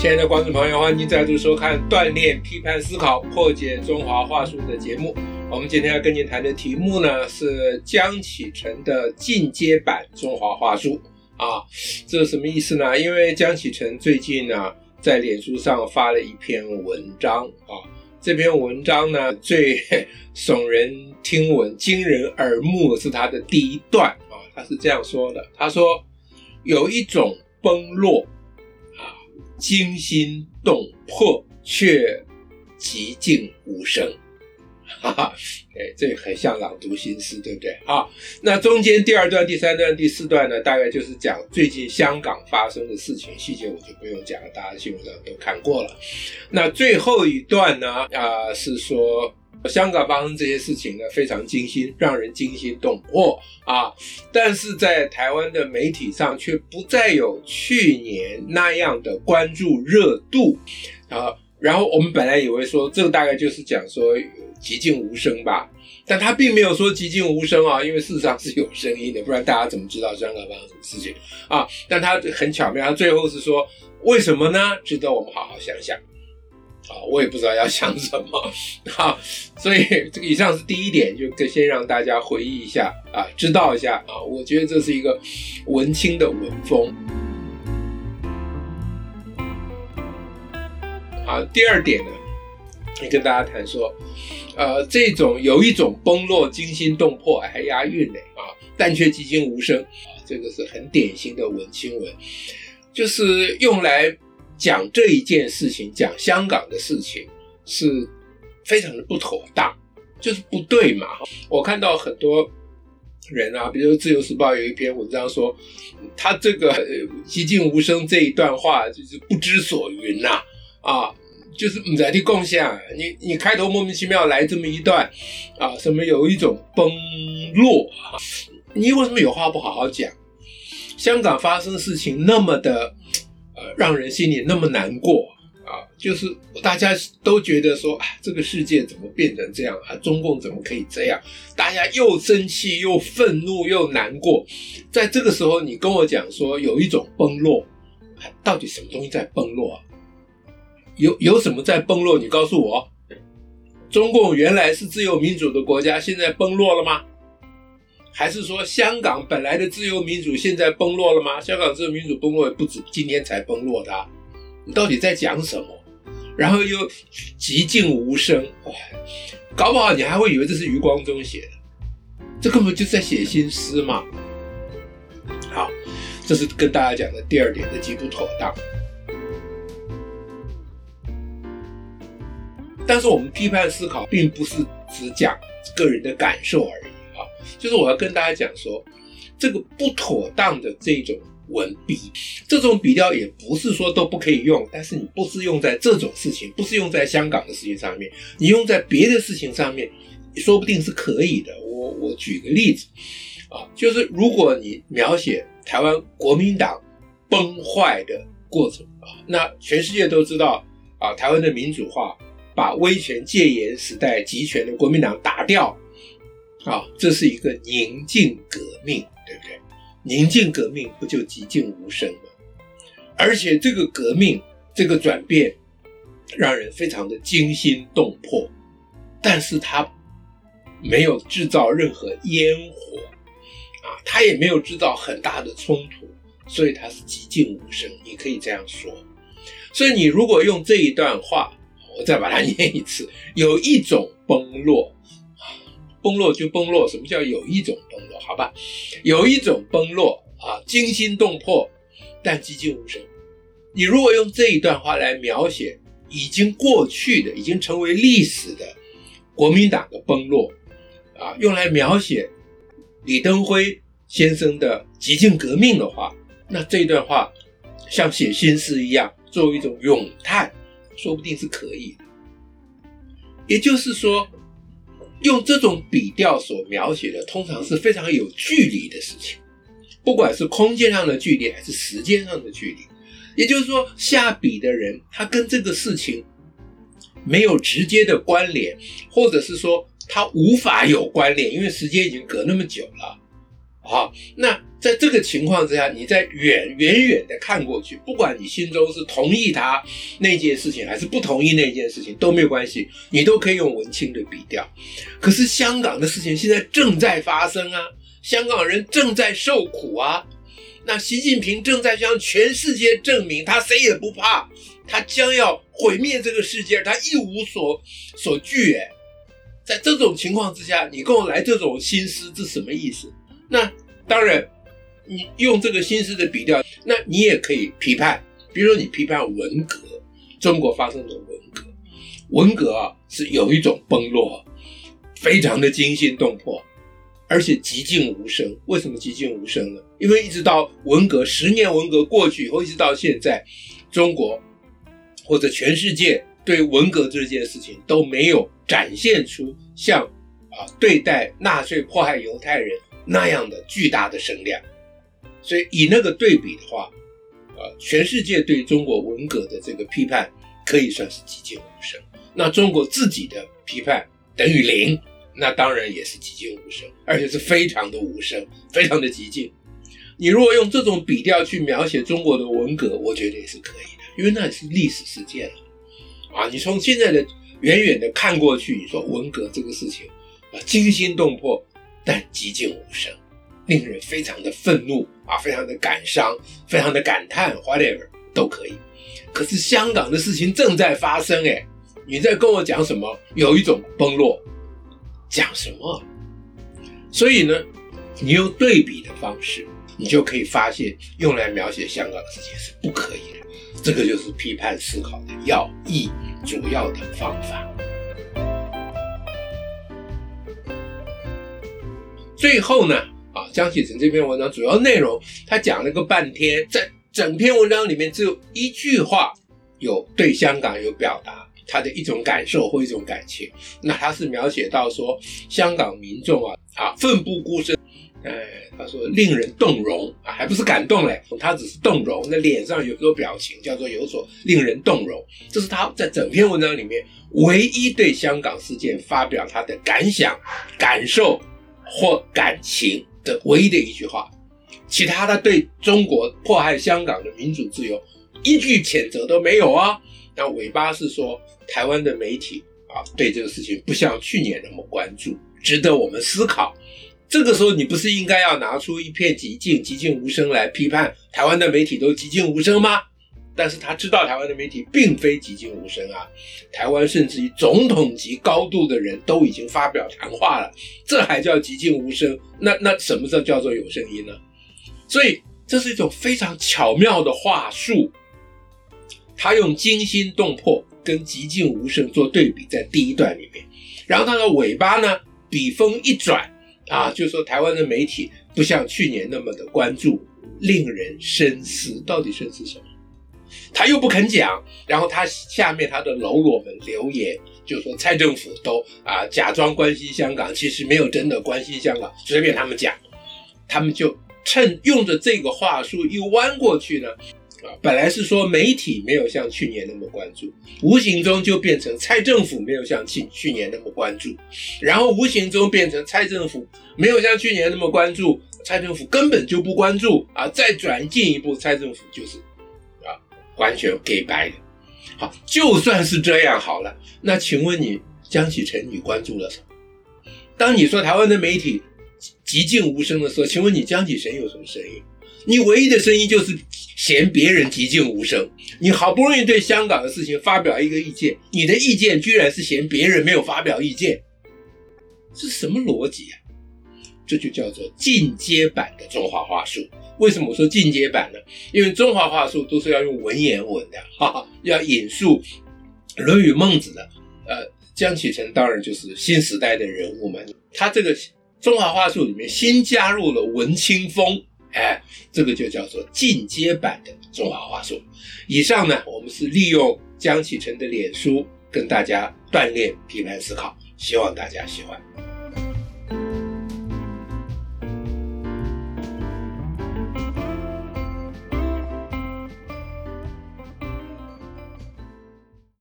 親愛的觀眾朋友，歡迎您再度收看《鍛鍊批判思考，破解中華話術》的節目。我們今天要跟您談的題目呢，是江啟臣的進階版中華話術啊。這是什麼意思呢？因為江啟臣最近呢、啊，在臉書上發了一篇文章啊。這篇文章呢，最聳人聽聞、驚人耳目是他的第一段啊。他是這樣說的：“他說，有一種崩落。”驚心動魄，卻寂靜無聲。哈哈，誒，這很像朗讀新詩，對不對？好，那中間第二段、第三段、第四段呢，大概就是講最近香港發生的事情，細節我就不用講了，大家基本上都看過了。那最後一段呢，啊、呃，是說。香港發生這些事情呢，非常驚心，讓人驚心動魄、哦、啊！但是在台灣的媒體上卻不再有去年那樣的關注熱度啊。然後我們本來以為說，這個、大概就是講說寂靜無聲吧，但他並沒有說寂靜無聲啊，因為事實上是有聲音的，不然大家怎麼知道香港發生什麼事情啊？但他很巧妙，他最後是說，為什麼呢？值得我們好好想想。啊、哦，我也不知道要講什麼啊，所以這個以上是第一點，就先讓大家回憶一下啊，知道一下啊。我覺得這是一個文青的文風。好、啊，第二點呢，跟大家談說，呃，這種有一種崩落、驚心動魄還押韻的啊，但卻寂靜無聲啊，這個是很典型的文青文，就是用來。講這一件事情，講香港的事情，是非常的不妥當，就是不對嘛。我看到很多人啊，比如說《自由時報》有一篇文章說，他這個寂靜無聲這一段話就是不知所云吶、啊。啊，就是在的貢獻。你你開頭莫名其妙來這麼一段啊，什麼有一種崩落，你為什麼有話不好好講？香港發生的事情那麼的。讓人心裡那麼難過啊，就是大家都覺得說，啊，這個世界怎麼變成這樣啊？中共怎麼可以這樣？大家又生氣又憤怒又難過。在這個時候，你跟我講說，有一種崩落，啊，到底什麼東西在崩落？有有什麼在崩落？你告訴我，中共原來是自由民主的國家，現在崩落了嗎？還是說香港本來的自由民主現在崩落了嗎？香港自由民主崩落也不止今天才崩落，的、啊，你到底在講什麼？然後又寂靜無聲，哇、哎，搞不好你還會以為這是余光中寫的，這根本就在寫新詩嘛。好，這是跟大家講的第二點的極不妥當。但是我們批判思考並不是只講個人的感受而已。就是我要跟大家講說，這個不妥當的這種文筆，這種筆調也不是說都不可以用，但是你不是用在這種事情，不是用在香港的事情上面，你用在別的事情上面，說不定是可以的。我我舉個例子，啊，就是如果你描寫台灣國民黨崩壞的過程啊，那全世界都知道啊，台灣的民主化把威權戒嚴時代集權的國民黨打掉。啊、哦，這是一個寧靜革命，對不對？寧靜革命不就寂靜無聲嗎？而且這個革命，這個轉變，讓人非常的驚心動魄，但是它沒有製造任何煙火，啊，它也沒有製造很大的衝突，所以它是寂靜無聲，你可以這樣說。所以你如果用這一段話，我再把它念一次，有一種崩落。崩落就崩落，什麼叫有一種崩落？好吧，有一種崩落啊，驚心動魄，但寂靜無聲。你如果用這一段話來描寫已經過去的、已經成為歷史的國民黨的崩落啊，用來描寫李登輝先生的寂靜革命的話，那這一段話像寫新詩一樣，作為一種詠嘆，說不定是可以的。也就是說。用這種筆調所描寫的，通常是非常有距離的事情，不管是空間上的距離還是時間上的距離。也就是說，下筆的人他跟這個事情沒有直接的關聯，或者是說他無法有關聯，因為時間已經隔那麼久了啊。那。在這個情況之下，你在遠，遠遠遠的看過去，不管你心中是同意他那件事情還是不同意那件事情都沒有關係，你都可以用文青的筆調。可是香港的事情現在正在發生啊，香港人正在受苦啊，那習近平正在向全世界證明他誰也不怕，他將要毀滅這個世界，他一無所所懼。誒，在這種情況之下，你跟我來這種心思是什麼意思？那當然。你用這個新詩的筆調，那你也可以批判，比如說你批判文革，中國發生的文革。文革啊，是有一種崩落，非常的驚心動魄，而且寂靜無聲。為什麼寂靜無聲呢？因為一直到文革十年，文革過去以後，一直到現在，中國或者全世界對文革這件事情都沒有展現出像啊對待納粹迫害猶太人那樣的巨大的聲量。所以以那個對比的話，啊，全世界對中國文革的這個批判可以算是寂靜無聲。那中國自己的批判等於零，那當然也是寂靜無聲，而且是非常的無聲，非常的寂靜。你如果用這種筆調去描寫中國的文革，我覺得也是可以的，因為那是歷史事件了，啊，啊，你從現在的遠遠的看過去，你說文革這個事情，啊，驚心動魄，但寂靜無聲。令人非常的憤怒啊，非常的感傷，非常的感嘆，whatever 都可以。可是香港的事情正在發生，誒，你在跟我講什麼？有一種崩落，講什麼？所以呢，你用對比的方式，你就可以發現，用來描寫香港的事情是不可以的。這個就是批判思考的要義，主要的方法。最後呢，江啟臣這篇文章主要內容，他講了個半天，在整篇文章裡面只有一句話有對香港有表達他的一種感受或一種感情。那他是描寫到說香港民眾啊啊，奮不顧身，呃，他說令人動容啊，還不是感動嘞，他只是動容，那臉上有個表情叫做有所令人動容。這、就是他在整篇文章裡面唯一對香港事件發表他的感想、感受或感情。的唯一的一句話，其他的對中國迫害香港的民主自由，一句譴責都沒有啊。那尾巴是說台灣的媒體啊，對這個事情不像去年那麼關注，值得我們思考。這個時候你不是應該要拿出一片寂靜、寂靜無聲來批判台灣的媒體都寂靜無聲嗎？但是他知道台灣的媒體並非寂靜無聲啊，台灣甚至於總統級高度的人都已經發表談話了，這還叫寂靜無聲？那那什麼叫叫做有聲音呢？所以這是一種非常巧妙的話術，他用驚心動魄跟寂靜無聲做對比，在第一段裡面，然後他的尾巴呢，筆鋒一轉啊，就說台灣的媒體不像去年那麼的關注，令人深思，到底深思什麼？又不肯講，然後他下面他的嘍囉們留言就說，蔡政府都啊、呃、假裝關心香港，其實沒有真的關心香港，隨便他們講，他們就趁用着這個話術一彎過去呢，啊、呃、本來是說媒體沒有像去年那麼關注，無形中就變成蔡政府沒有像去去年那麼關注，然後無形中變成蔡政府沒有像去年那麼關注，蔡政府根本就不關注啊、呃，再轉進一步，蔡政府就是。完全給掰的，好，就算是這樣好了。那請問你江啟臣，你關注了什麼？當你說台灣的媒體寂靜無聲的時候，請問你江啟臣有什麼聲音？你唯一的聲音就是嫌別人寂靜無聲。你好不容易對香港的事情發表一個意見，你的意見居然是嫌別人沒有發表意見，這是什麼邏輯啊？這就叫做進階版的中華話術。為什麼我說進階版呢？因為中華話術都是要用文言文的，哈，哈，要引述《論語》《孟子》的。呃，江啟臣當然就是新時代的人物們。他這個中華話術裡面新加入了文青風，哎，這個就叫做進階版的中華話術。以上呢，我們是利用江啟臣的臉書跟大家鍛鍊批判思考，希望大家喜歡。